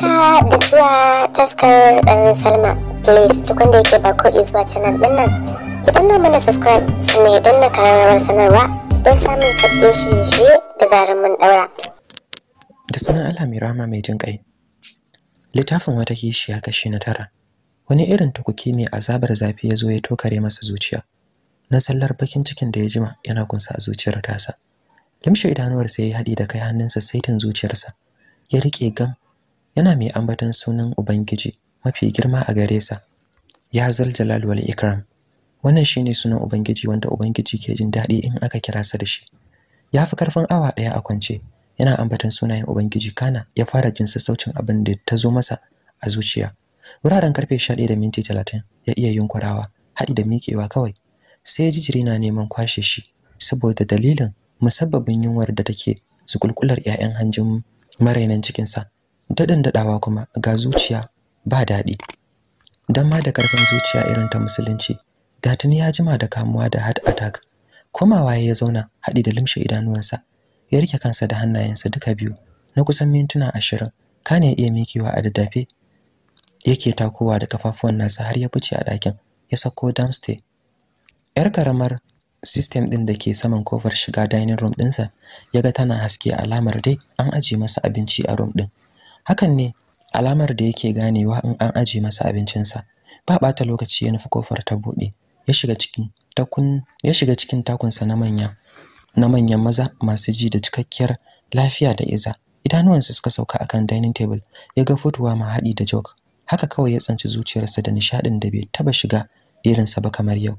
haka da zuwa taskar dan salma please duk wanda yake ba ko zuwa canal din nan ki danna mana subscribe sannan ya danna karamar sanarwa don samun sabbin shirye-shirye da zarar mun daura da sunan allah mai rama mai jin kai littafin wata kishiya kashi na tara wani irin tukuki mai azabar zafi ya zo ya tokare masa zuciya na sallar bakin cikin da ya jima yana kunsa a zuciyar tasa limshe idanuwarsa sai ya haɗi da kai hannunsa saitin zuciyarsa ya riƙe gam yana mai ambaton sunan ubangiji mafi girma a gare sa ya zal jalal wal ikram wannan shine sunan ubangiji wanda ubangiji ke jin daɗi in aka kira sa da shi ya fi karfin awa ɗaya a kwance yana ambaton sunayen ubangiji kana ya fara jin sassaucin abin da ta zo masa a zuciya wuraren karfe 11 da minti 30 ya iya yunkurawa haɗi da mikewa kawai sai jijiri na neman kwashe shi saboda dalilin musabbabin yunwar da take zukulkular 'ya'yan hanjin marainan cikinsa daɗin daɗawa kuma ga zuciya ba daɗi don ma da ƙarfin zuciya irin ta musulunci da tuni ya jima da kamuwa da heart attack komawa ya zauna haɗi da limshe idanuwansa ya rike kansa da hannayensa duka biyu na kusan mintuna ashirin kane iya mikewa a daddafe yake takowa da kafafuwan nasa har ya fice a ɗakin ya sako damste yar karamar system ɗin da ke saman kofar shiga dining room ɗinsa ya ga tana haske alamar dai an aje masa abinci a room ɗin hakan ne alamar da yake ganewa in an aje masa abincinsa ba ɓata lokaci ya nufi kofar ta buɗe ya shiga cikin takun ya shiga cikin takunsa na manya na manyan maza masu ji da cikakkiyar lafiya da iza idanuwansa suka sauka akan dining table ya ga fotuwa mahaɗi da joke haka kawai ya tsanci zuciyarsa da nishaɗin da bai taba shiga irinsa ba kamar yau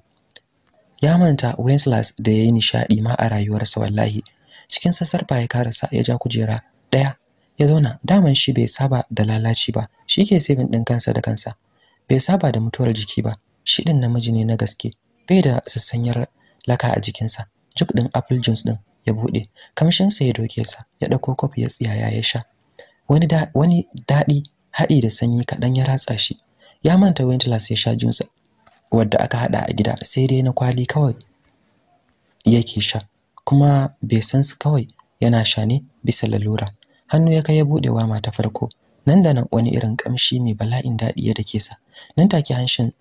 ya manta Wenceslas da ya yi nishaɗi ma a rayuwarsa wallahi cikin sassarfa ya karasa ya ja kujera ɗaya ya zauna daman shi bai saba da lalaci ba shi ke ɗin kansa da kansa bai saba da mutuwar jiki ba shi ɗin namiji ne na gaske bai da sassanyar laka a jikinsa juk din apple juice ɗin ya buɗe kamshinsa ya doke sa ya dauko kofi ya tsiyaya ya sha wani da wani daɗi haɗi da sanyi kaɗan ya ratsa shi ya manta wintlas ya sha juice wadda aka hada a gida sai dai na kwali kawai yake sha kuma bai san su kawai yana sha ne bisa lalura hannu ya kai ya bude wa ta farko nan da nan wani irin kamshi mai bala'in daɗi ya dake sa nan take hanshin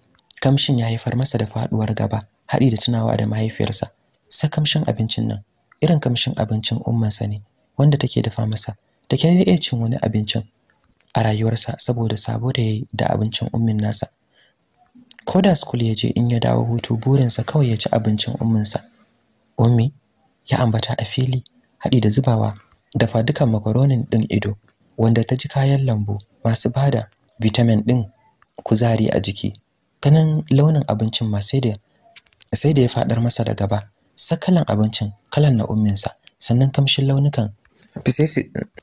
kamshin ya haifar masa da faduwar gaba haɗi da tunawa da mahaifiyarsa sa kamshin abincin nan irin kamshin abincin ummansa ne wanda take dafa masa da iya cin wani abincin a rayuwarsa saboda sabo da yayi da abincin ummin nasa ko da school ya je in ya dawo hutu burinsa kawai ya ci abincin umminsa ummi ya ambata a fili haɗi da zubawa dafa dukan makaronin din ido wanda ta ji kayan lambu masu bada vitamin din kuzari a jiki kanan launin abincin ma sai da ya fadar masa da gaba sakalan abincin kalan na umminsa sannan kamshin launukan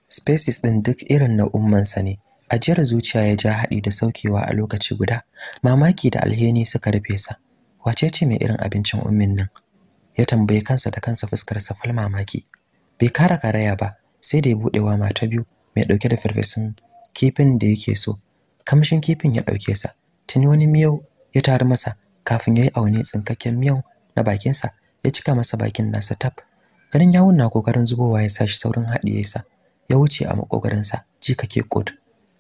spaces din duk irin na ummansa ne ajiyar zuciya ya ja haɗi da saukewa a lokaci guda mamaki da alheri suka rufe sa wace ce mai irin abincin ummin nan ya tambaye kansa da kansa fuskar sa fal mamaki bai kara karaya ba sai da ya wa mata biyu mai dauke da farfesun kifin da yake so kamshin kifin ya dauke sa tuni wani miyau ya taru masa kafin yayi aune tsinkakken miyau na bakin sa ya cika masa bakin nasa tap ganin yawun na kokarin zubowa ya sashi saurin haɗiye sa ya wuce a makogarin sa ji kake kod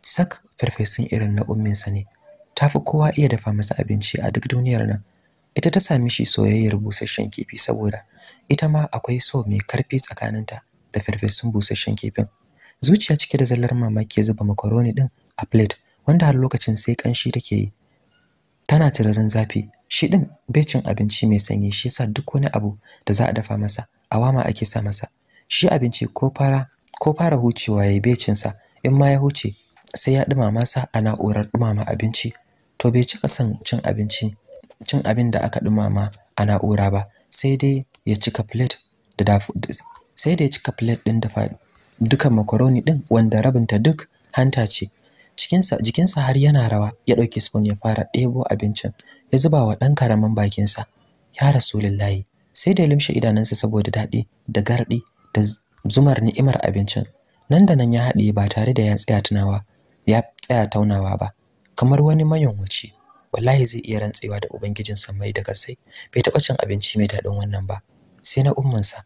sak farfesun irin na ummin sa ne tafi kowa iya dafa masa abinci a duk duniyar nan ita ta sami shi soyayyar busasshen kifi saboda ita ma akwai so mai karfi tsakaninta da farfesun busasshen kifin zuciya cike da zallar mamaki zuba makaroni din a plate wanda har lokacin sai kanshi take yi tana tirarin zafi shi din bai cin abinci mai sanyi shi yasa duk wani abu da za a dafa masa awama ake sa masa shi abinci ko fara ko fara hucewa yayi bai cin sa in ma ya huce sai ya dumama sa a na'urar dumama abinci to bai cika son cin abinci cin abin da aka dumama a na'ura ba sai dai ya cika plate da dafu sai dai ya cika plate din dafa duka macaroni din wanda rabinta duk hanta ce cikinsa jikinsa har yana rawa ya ɗauki spoon ya fara ɗebo abincin ya zuba wa ɗan karamin bakinsa ya rasulullahi sai da ya limshe idanunsa saboda daɗi da garɗi da zumar ni'imar abincin nan da nan ya haɗe ba tare da ya tsaya tunawa ya tsaya taunawa ba kamar wani mayunwaci wallahi zai iya rantsewa da ubangijin sammai da kasai bai taɓa cin abinci mai daɗin wannan ba sai na ummansa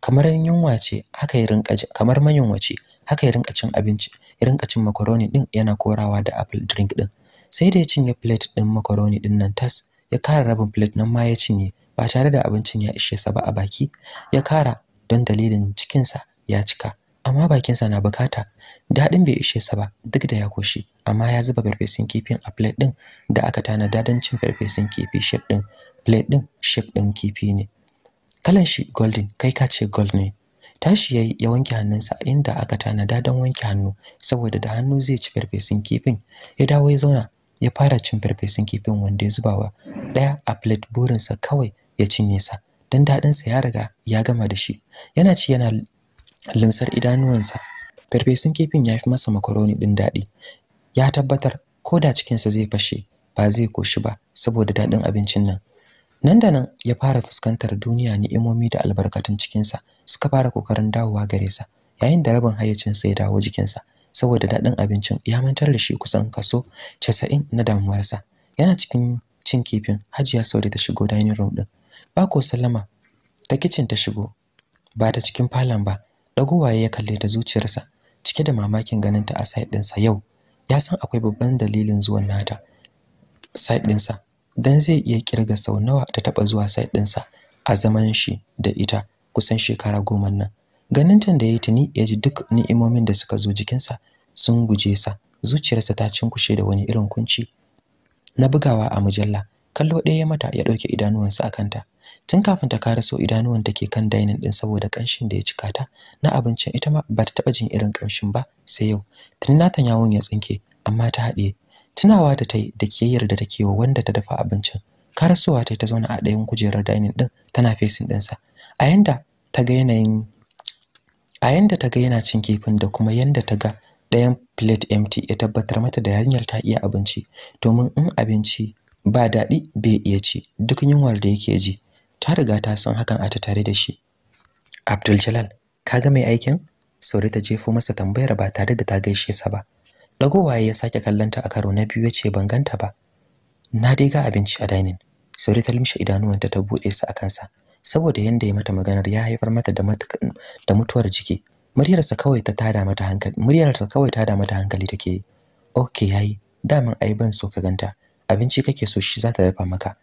kamar yunwa ce haka ya rinka kamar ce haka ya rinka cin abinci ya rinka cin macaroni din yana korawa da apple drink din sai da ya cinye plate din macaroni din nan tas ya kara rabin plate nan ma ya cinye ba tare da abincin ya ishe sa ba a baki ya kara don dalilin cikinsa ya cika amma bakinsa na bukata daɗin bai ishe sa ba duk da ya koshi amma ya zuba farfesun kifin a plate ɗin da aka tana don cin farfesun kifi shape ɗin plate ɗin shape ɗin kifi ne kalan shi golden kai ka ce gold ne tashi yayi ya wanke hannunsa inda aka tanada don wanke hannu saboda da hannu zai ci farfesun kifin ya dawo ya zauna ya fara cin farfesun kifin wanda ya zubawa ɗaya a plate burinsa kawai ya cinye sa don daɗinsa ya riga ya gama da shi yana ci yana limsar idanuwansa farfesun kifin ya fi masa makaroni ɗin daɗi ya tabbatar ko da cikinsa zai fashe ba zai koshi ba saboda daɗin abincin nan nan da nan ya fara fuskantar duniya ni'imomi da albarkatun cikinsa suka fara kokarin dawowa gare sa yayin da rabin hayyacinsa ya dawo jikinsa saboda daɗin abincin ya mantar da shi kusan kaso casa'in na damuwarsa yana cikin cin kifin hajiya saudi ta shigo dining room ɗin. ba ko sallama ta kicin ta shigo ba ta cikin falon ba Dagowaye ya kalle ta zuciyarsa cike da mamakin ganin ta a side ɗinsa yau. Ya san akwai babban dalilin zuwan nata side ɗinsa dan zai iya kirga sau nawa ta taba zuwa side ɗinsa a zaman shi da ita kusan shekara goma nan. Ganin ta da yayi tuni ya ji duk ni'imomin da suka zo jikinsa sun guje sa. Zuciyarsa ta cinkushe da wani irin kunci na bugawa a mujalla kallo ɗaya mata ya ɗauke idanuwansa a kanta tun kafin ta kara so idanuwan ke kan dainin ɗin saboda ƙanshin da ya cika ta na abincin ita ma ba ta taɓa jin irin ƙanshin ba sai yau tun natan yawon ya tsinke amma ta haɗe tunawa da yi da kiyayyar da take wa wanda ta dafa abincin karasowa tai ta zauna a ɗayan kujerar dainin ɗin tana fesin ɗinsa a yanda ta ga yanayin a yanda ta ga yana cin kifin da kuma yanda ta ga ɗayan plate empty ya tabbatar mata da yarinyar ta iya abinci domin in abinci ba daɗi bai iya ci duk yunwar da yake ji ta riga ta san hakan a ta tare da shi Abdul Jalal ga mai aikin sauri ta jefo masa tambayar ba tare da ta gaishe sa ba dagowa ya sake kallanta a karo na biyu ya ce ban ganta ba na dai ga abinci a dainin. sauri ta limshe idanuwanta ta buɗe su a kansa saboda yanda ya mata maganar ya haifar mata da mutuwar jiki muryarsa kawai ta tada mata hankali muryarsa kawai ta tada mata hankali take okay yayi daman ai ban so ka ganta abinci kake so shi za ta dafa maka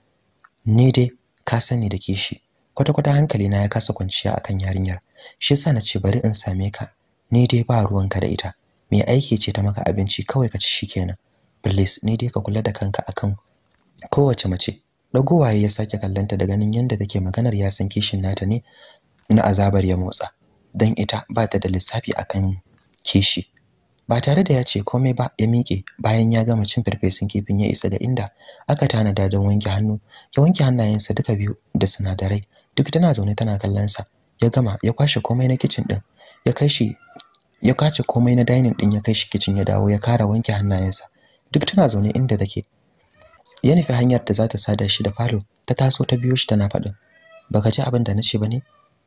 ni dai ka sani da kishi kwata-kwata hankali na ya kasa kwanciya akan yarinyar shi yasa na ce bari in same ka ni dai ba ruwanka da ita me aiki ce ta maka abinci kawai ka ci shi kenan. please ni dai ka kula da kanka akan kowace mace dagowaye ya sake kallanta da ganin yadda take maganar ya san kishin nata ne na azabar ya motsa dan ita ba ta da lissafi akan kishi ba tare da ya ce komai ba ya miƙe bayan ya gama cin farfesun kifin ya isa da inda aka tanada don wanke hannu ya wanke hannayensa duka biyu da sinadarai duk tana zaune tana kallon sa ya gama ya kwashe komai na kitchen din ya kai shi ya kace komai na dining din ya kai shi kitchen ya dawo ya kara wanke hannayensa duk tana zaune inda take ya nufi hanyar da za ta sada shi da falo ta taso ta biyo shi tana faɗin baka ji abin da na ce ba ne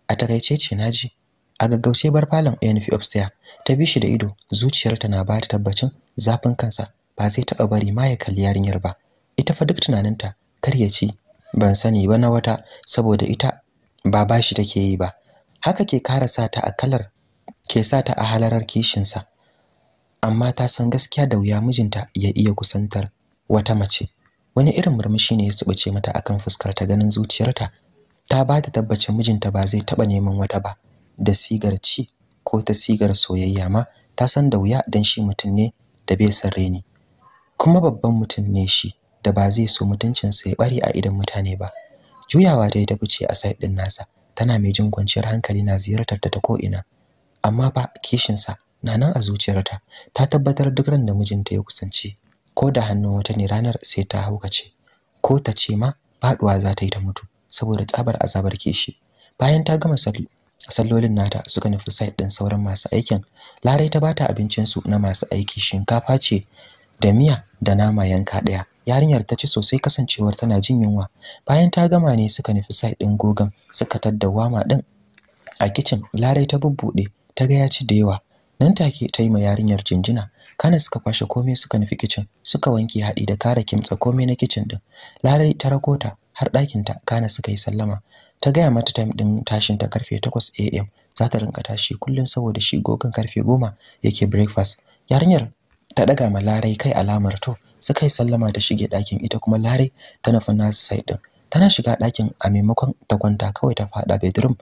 a takaice ce naji a gaggauce bar falon ya nufi upstairs ta bi shi da ido zuciyarta na ba ta tabbacin zafin kansa ba zai taɓa bari ma ya kalli yarinyar ba ita fa duk tunaninta kar ya ci ban sani ba na wata saboda ita ba bashi take yi ba haka ke kara sa ta a kalar ke sa ta a halarar kishinsa amma ta san gaskiya da wuya mijinta ya iya kusantar wata mace wani irin murmushi ne ya tsubuce mata akan fuskar ta ganin zuciyarta ta ba ta tabbacin mijinta ba zai taɓa neman wata ba da sigar ci ko ta sigar soyayya ma ta san da wuya dan shi mutum ne da bai san reni kuma babban mutum ne shi da ba zai so mutuncinsa ya bari a idan mutane ba juyawa dai ta fice a side din nasa tana mai jin kwanciyar hankali na ziyartar ta ko ina amma ba kishinsa na nan a zuciyarta ta tabbatar duk ran da mijinta ya kusance ko da hannu wata ne ranar sai ta haukace ko ta ce ma faduwa za ta yi ta mutu saboda tsabar azabar kishi bayan ta gama sallolin nata suka nufi site din sauran masu aikin larai ta bata abincin su na masu aiki shinkafa ce da miya da nama yanka ɗaya yarinyar ta ci sosai kasancewar tana jin yunwa bayan ta gama ne suka nufi site din gogan suka tadda wama din a kitchen larai ta bubbude ta ga ya ci da yawa nan take ta yi ma yarinyar jinjina kana suka kwashe komai suka nufi kitchen suka wanke haɗi da kara kimtsa komai na kitchen din larai ta rakota har ɗakinta, ta kana suka yi sallama ta gaya mata time din tashin ta karfe 8 am za ta rinka tashi kullum saboda shi gogan karfe 10 yake breakfast yarinyar ta daga ma larai kai alamar to suka yi sallama da shige dakin ita kuma larai ta nufa nasu side din tana shiga dakin a maimakon ta kwanta kawai ta fada bedroom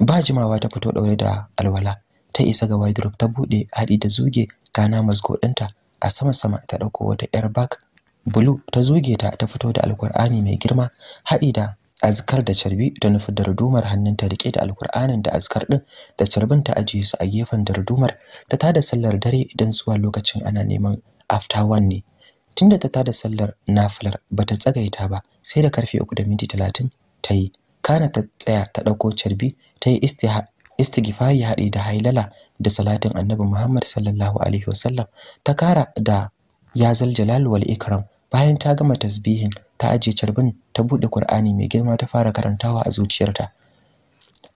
ba jimawa ta fito daure da alwala ta isa ga wardrobe ta bude hadi da zuge kana masgo dinta a sama sama ta dauko wata yar bag blue ta zuge ta ta fito da alkur'ani mai girma hadi da azkar da carbi da nufi dardumar ta rike da alkur'anin da azkar din da carbin ta ajiye su a gefen dardumar ta tada sallar dare idan zuwa lokacin ana neman after one ne tunda ta tada sallar nafilar bata tsagaita ba sai da karfe 3:30 da minti talatin ta yi kana ta tsaya ta dauko carbi ta yi istighfari haɗe da hailala da salatin annabi Muhammad sallallahu alaihi wasallam ta kara da yazal jalal wal ikram bayan ta gama tasbihin ta ajiye carbin ta buɗe Qur'ani mai girma ta fara karantawa a zuciyarta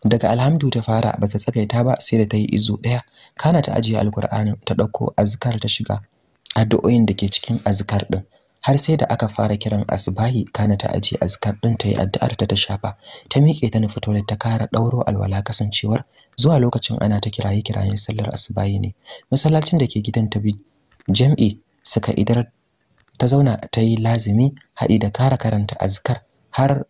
daga alhamdu ta fara ba ta tsakaita ba sai da ta yi izo ɗaya kana ta ajiye Alƙur'ani ta ɗauko azkar ta shiga addu'o'in da ke cikin azkar ɗin har sai da aka fara kiran asbahi kana ta ajiye azkar ɗin ta yi addu'ar ta ta shafa ta miƙe ta nufi toilet ta kara ɗauro alwala kasancewar zuwa lokacin ana ta kiraye kirayen sallar asbahi ne masallacin da ke gidan ta bi jam'i suka idar ta zauna ta yi lazimi haɗi da kara karanta azkar har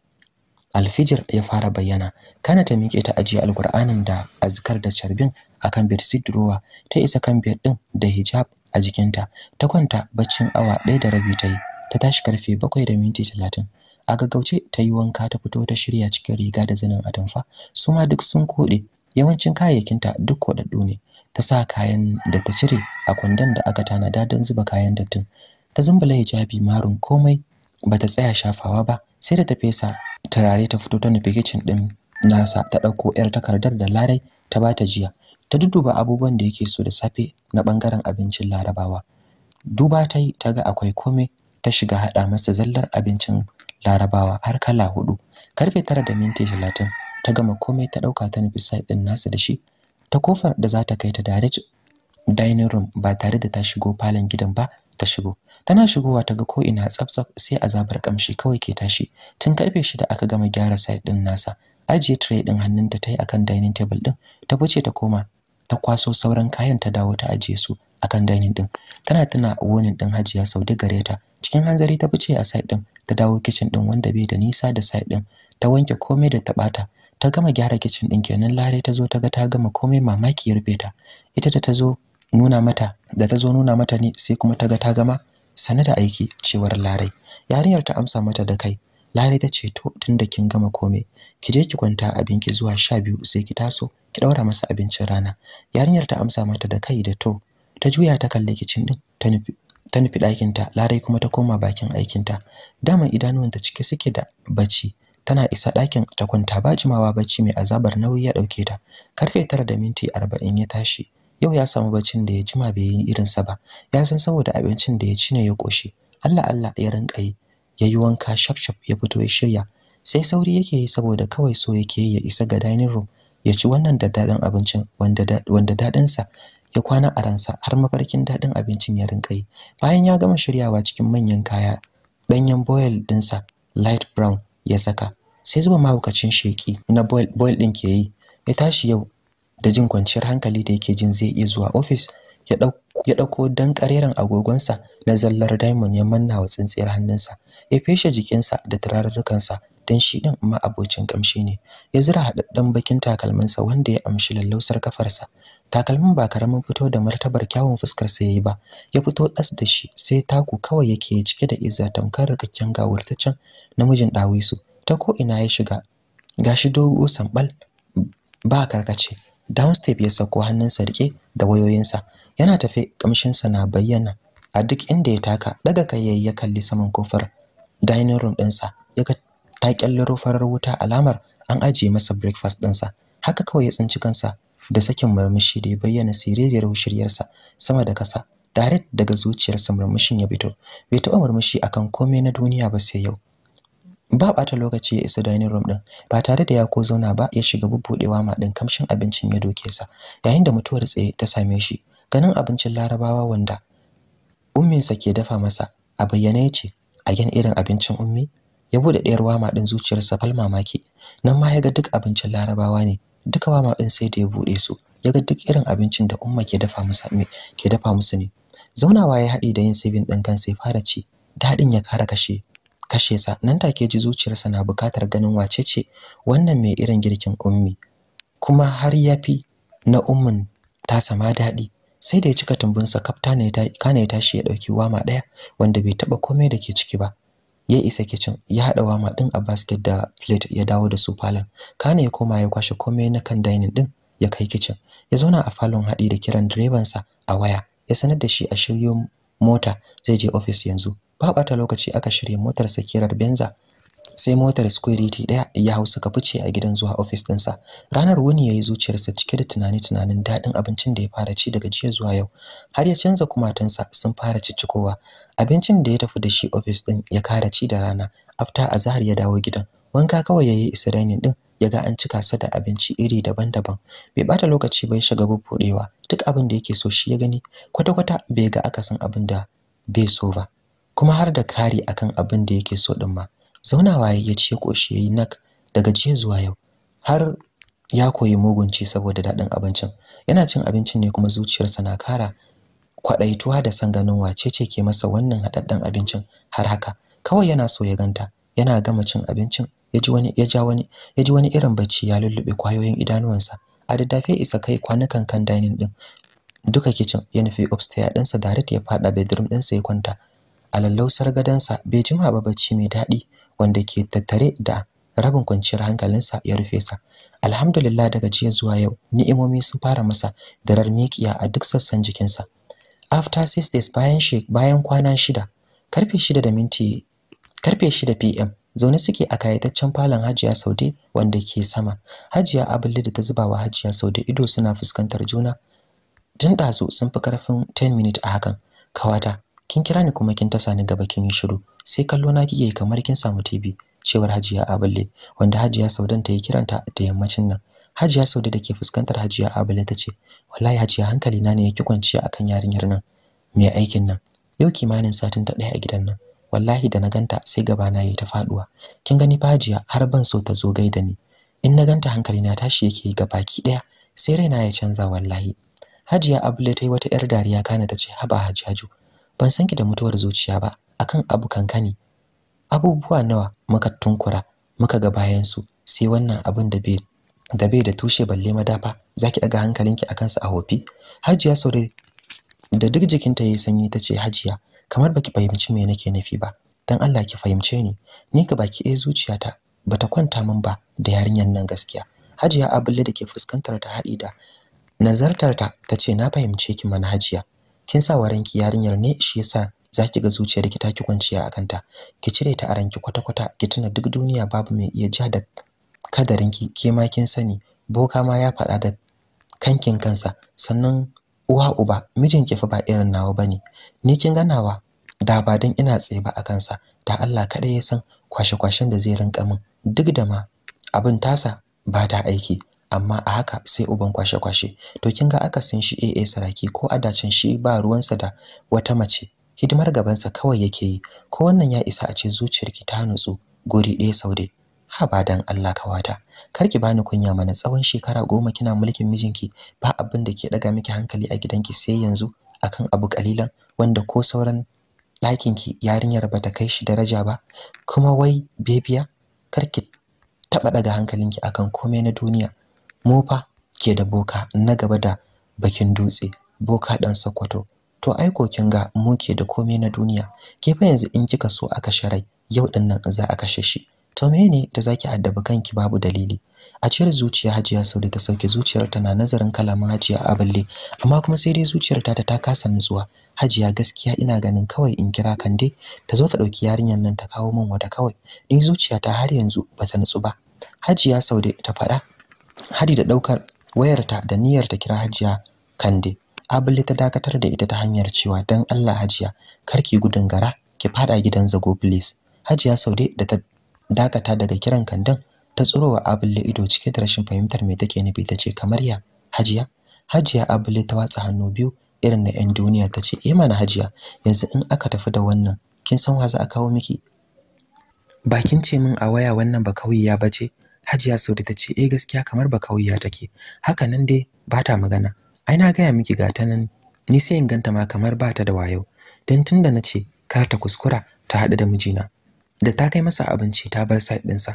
alfijir ya fara bayyana kana ta miƙe ta ajiye alkur'anin da azkar da carbin akan bedsheet drawer ta isa kan biyar ɗin da hijab a jikinta ta kwanta baccin awa ɗaya da rabi ta yi ta tashi karfe bakwai da minti talatin a gaggauce ta yi wanka ta fito ta shirya cikin riga da zanin atamfa su ma duk sun koɗe yawancin kayayyakinta duk koɗaɗɗu ne ta sa kayan da ta cire a kwandon da aka tanada don zuba kayan dattin ta zambala hijabi marun komai ba ta tsaya shafawa ba sai da ta fesa turare ta fito ta nufi kicin din nasa ta ɗauko yar takardar da larai ta ba ta jiya ta dudduba abubuwan da yake so da safe na ɓangaren abincin larabawa duba ta yi ta ga akwai komai ta shiga haɗa masa zallar abincin larabawa har kala hudu karfe tara da minti talatin ta gama komai ta ɗauka ta nufi sai din nasa da shi ta kofar da za ta kai ta direct dining room ba tare da ta shigo falon gidan ba ta shigo tana shigowa ta ga ko ina tsaftsaf sai azabar kamshi kawai ke tashi tun karfe shida aka gama gyara site din nasa ajiye tray din hannunta tayi akan dining table din ta fice ta koma ta kwaso sauran kayan ta dawo ta ajiye su akan dining din tana tana wonin din Hajiya Saudi gareta cikin hanzari ta fice a site din ta dawo kitchen din wanda bai da nisa da site din ta wanke komai da ta bata ta gama gyara kitchen din kenan lare ta zo ta ga ta gama komai mamaki ya rufe ta ita da ta zo nuna mata da ta zo nuna mata ne sai kuma ta ga ta gama sane da aiki cewar larai yarinyar ta amsa mata da kai larai ta ce to tunda kin gama komai ki je ki kwanta abinki zuwa sha biyu sai ki taso ki daura masa abincin rana yarinyar ta amsa mata da kai da to ta juya ta kalle kicin din ta nufi ta nufi ɗakinta larai kuma ta koma bakin aikinta daman ta cike suke da bacci tana isa ɗakin ta kwanta ba jimawa bacci mai azabar nauyi ya ɗauke ta karfe tara da minti arba'in ya tashi yau ya samu baccin da ya jima bai yi irinsa ba ya san saboda abincin da ya ci ne ya koshi Allah Allah ya rinka yi ya yi wanka shaf shaf ya fito ya shirya sai sauri yake yi saboda kawai so yake yi ya isa ga dining room ya ci wannan daddaɗin abincin wanda daɗinsa ya kwana a ransa har mafarkin daɗin abincin ya rinka yi bayan ya gama shiryawa cikin manyan kaya ɗanyen boil ɗinsa light brown ya saka sai zuba mahaukacin sheki na boil ɗin ke yi ya tashi yau da jin kwanciyar hankali da yake jin zai iya zuwa ofis ya ɗauko dan ƙareren agogonsa na zallar diamond ya manna wa tsintsiyar hannunsa ya feshe jikinsa da turarurrukansa don shi ɗin ma abocin ƙamshi ne ya zira haɗaɗɗen bakin takalminsa wanda ya amshi lallausar kafarsa takalmin ba karamin fito da martabar kyawun fuskarsa ya yi ba ya fito ɗas da shi sai taku kawai yake cike da iza tamkar rikakken gawurtaccen namijin ɗawisu ta ko ina ya shiga gashi dogo sambal ba karkace downstep ya sako hannunsa rike da wayoyinsa yana tafe kamshinsa na bayyana a duk inda ya taka daga kai ya kalli saman kofar dining room ɗinsa ya ga taƙin rufar wuta alamar an ajiye masa breakfast ɗinsa haka kawai ya tsinci kansa da sakin murmushi da ya bayyana siririyar shiryarsa sama da kasa direct daga zuciyarsa murmushin ya fito bai taɓa murmushi akan komai na duniya ba sai yau ba bata lokaci ya isa dining room din ba tare da ya ko zauna ba ya shiga bubbudewa ma din kamshin abincin ya doke sa yayin da mutuwar tsaye ta same shi ganin abincin larabawa wanda umminsa ke dafa masa a bayyane ce a gan irin abincin ummi ya bude ɗayar wama din sa fal mamaki nan ma ya ga duk abincin larabawa ne duka wama din sai da ya bude su ya ga duk irin abincin da umma ke dafa masa ke dafa musu ne zaunawa ya haɗi da yin sivin ɗin kan sai fara ci daɗin ya kara kashe kashe sa nan take ji zuciyarsa na bukatar ganin wace ce wannan mai irin girkin ummi kuma har yafi na ummin ta sama daɗi sai da ya cika tumbunsa kafta ne ta kana ya tashi ya dauki wama daya wanda bai taba komai dake ciki ba ya isa kitchen ya hada wama din a basket da plate ya dawo da su falon kana ya koma ya kwashe komai na kan dining din ya kai kitchen ya zauna a falon hadi da kiran direban sa a waya ya sanar da shi a shiryo mota zai je ofis yanzu ba bata lokaci aka shirya motar sakirar benza sai motar security daya ya hau suka fice a gidan zuwa ofis ɗinsa. ranar wuni yayi zuciyarsa cike da tunani tunanin dadin abincin da ya fara ci daga jiya zuwa yau har ya canza sa sun fara ciccikowa abincin da ya tafi da shi ofis din ya kara ci da rana after azhar ya dawo gidan wanka kawai yayi isa dining din ya ga an cika sa da abinci iri daban-daban bai bata lokaci ba ya shiga bubbudewa duk abin da yake so shi ya gani kwata-kwata bai ga akasin abin da bai so ba kuma har da kari akan abin da yake so din ma zaunawa ya ce koshi yayi nak daga jiya zuwa yau har ya koyi mugunci saboda daɗin abincin yana cin abincin ne kuma zuciyarsa na kara kwaɗaituwa da san ganin wace ce ke masa wannan haɗaɗɗen abincin har haka kawai yana so ya ganta yana gama cin abincin ya ji wani ya ja wani ya wani irin bacci ya lullube kwayoyin idanuwansa a daddafe isa kai kwanukan kan dining din duka kitchen ya nufi upstairs ɗinsa direct ya fada bedroom ɗinsa ya kwanta a lallausar gadonsa bai jima ba bacci mai daɗi wanda ke tattare da rabin kwanciyar hankalinsa ya rufe sa alhamdulillah daga jiya zuwa yau ni'imomi sun fara masa darar miƙiya a duk sassan jikinsa after six days bayan bayan kwana shida karfe shida da minti karfe shida pm zaune suke a kayataccen falon Hajiya Saude wanda ke sama. Hajiya Abulle da ta zuba wa Hajiya Saude ido suna fuskantar juna. Tun ɗazu sun fi karfin 10 minutes a hakan. Kawata, kin kira ni kuma kin tasa ni gaba kin yi shiru. Sai kallo na kike kamar kin samu TV, cewar Hajiya Abulle, wanda Hajiya Saudan ta yi kiranta da yammacin nan. Hajiya Saude da ke fuskantar Hajiya Abulle ta ce, "Wallahi Hajiya hankali na ne yake kwanciya akan yarinyar nan. Me aikin nan? Yau kimanin satin ta ɗaya a gidan nan." wallahi da na ganta sai gaba na yayi ta faduwa kin gani fajiya har ban so ta zo gaida ni in na ganta hankali na tashi yake ga baki daya sai raina ya canza wallahi Hajiya Abule ta yi wata yar dariya kana ta ce haba Hajjaju ban san ki da mutuwar zuciya ba akan abu kankani abubuwa nawa muka tunkura muka ga bayan su sai wannan abin da bai da bai da tushe balle madafa zaki daga hankalinki akan sa a hofi Hajiya Saude da duk jikinta yayi sanyi tace Hajiya kamar baki fahimci me nake nufi ba dan Allah ki fahimce ni ni ka baki eh zuciyata bata kwanta min ba da yarinyar nan gaskiya Hajiya Abulle da ke fuskantar ta haɗi da nazartar ta tace na fahimce ki mana Hajiya kin sa wa ranki yarinyar ne shi yasa zaki ga zuciyar ki ta ki kwanciya a kanta ki cire ta a ranki kwata kwata ki tuna duk duniya babu mai iya ja da ki ke ma kin sani boka ma ya faɗa da kankin kansa sannan uwa uba mijin kifi ba irin nawa bane ni kin ganawa da ba dan ina tsaye ba akan sa da Allah kada ya san kwashe-kwashen da zai rinka min duk da ma abin tasa ba ta aiki amma a haka sai uban kwashe-kwashe to kin ga aka san shi AA saraki ko adacin shi ba ruwansa da wata mace hidimar gabansa kawai yake yi ko wannan ya isa a ce zuciyarki ta nutsu guri ɗaya sau dai haba dan Allah kawata kar ki bani kunya mana tsawon shekara goma kina mulkin mijinki ba abin da ke daga miki hankali a gidanki sai yanzu akan abu kalilan wanda ko sauran ɗakinki yarinyar bata kai shi daraja ba kuma wai bebiya kar ki taba daga hankalinki akan komai na duniya mu fa ke da boka na gaba da bakin dutse boka dan Sokoto to ai kokin ga mu ke da komai na duniya ke fa yanzu in kika so aka sharai yau ɗannan za a kashe shi to mene ne da zaki addabi kanki babu dalili a cire zuciya hajiya saudi ta sauke zuciyar na nazarin kalaman hajiya aballe amma kuma sai dai zuciyar ta ta kasa nutsuwa hajiya gaskiya ina ganin kawai in kira kande ta zo ta dauki yarinyar nan ta kawo min wata kawai ni zuciya ta har yanzu bata nutsu ba hajiya saudi ta faɗa hadi da daukar wayarta da niyyar ta kira hajiya kande aballe ta dakatar da ita ta hanyar cewa dan Allah hajiya karki gudun gara ki fada gidan zago please hajiya saude da ta dakata daga kiran kandan ta tsurowa abulle ido cike da rashin fahimtar me take nufi tace kamar ya hajiya hajiya abulle ta watsa hannu biyu irin na yan duniya tace eh mana hajiya yanzu in aka tafi da wannan kin san wa za a kawo miki bakin ce min a waya wannan ba kauyiya bace hajiya saudi tace eh gaskiya kamar ba kauyiya take haka nan dai ba ta magana ai na gaya miki gata nan ni sai in ganta ma kamar bata da wayo dan tunda nace kar ta kuskura ta haɗu da mijina da ta kai masa abinci ta bar side ɗinsa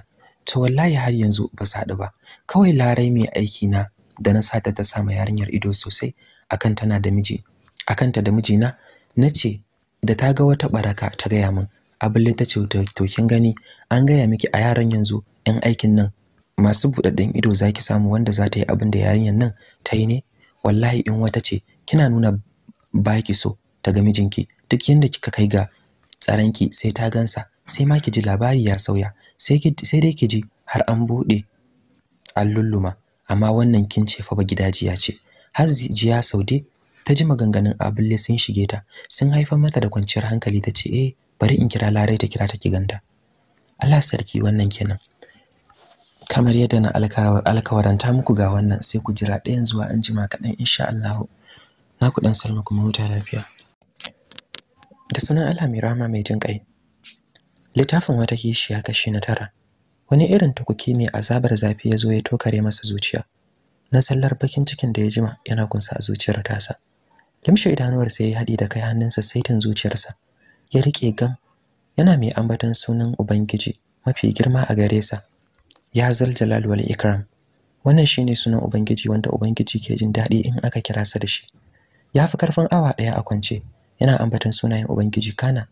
to wallahi har yanzu ba su haɗu ba kawai larai mai aiki na da na sata ta sama yarinyar ido sosai akan tana da miji akan ta da mijina nace da ta ga wata baraka ta gaya min abulle ta ce to kin gani an gaya miki a yaran yanzu yan aikin nan masu buɗaɗɗen ido zaki samu wanda za ta yi abin da yarinyar nan ta yi ne wallahi in wata ce kina nuna baki so ta ga mijinki duk yadda kika kai ga tsaranki sai ta gansa sai ma ki ji labari ya sauya sai dai ki ji har an buɗe an amma wannan kin ce fa gidajiya ce har jiya saude ta ji maganganun abulle sun shige ta sun haifa mata da kwanciyar hankali ta ce eh bari in kira larai ta kira ta ki ganta Allah sarki wannan kenan kamar yadda na alkawaranta muku ga wannan sai ku jira ɗayan zuwa an jima kaɗan insha Allah na ku dan salma kuma huta lafiya da sunan Allah mai rahama mai jin ƙai littafin wata kishiya kashi na tara wani irin tukuki mai azabar zafi ya zo ya tokare masa zuciya na sallar bakin cikin da ya jima yana kunsa a zuciyar tasa limshe idanuwarsa ya haɗi da kai hannunsa saitin zuciyarsa ya rike gam yana mai ambaton sunan ubangiji mafi girma a gare sa ya zal jalal wal ikram wannan shine sunan ubangiji wanda ubangiji ke jin daɗi in aka kira sa da shi ya fi karfin awa ɗaya a kwance yana ambaton sunayen ubangiji kana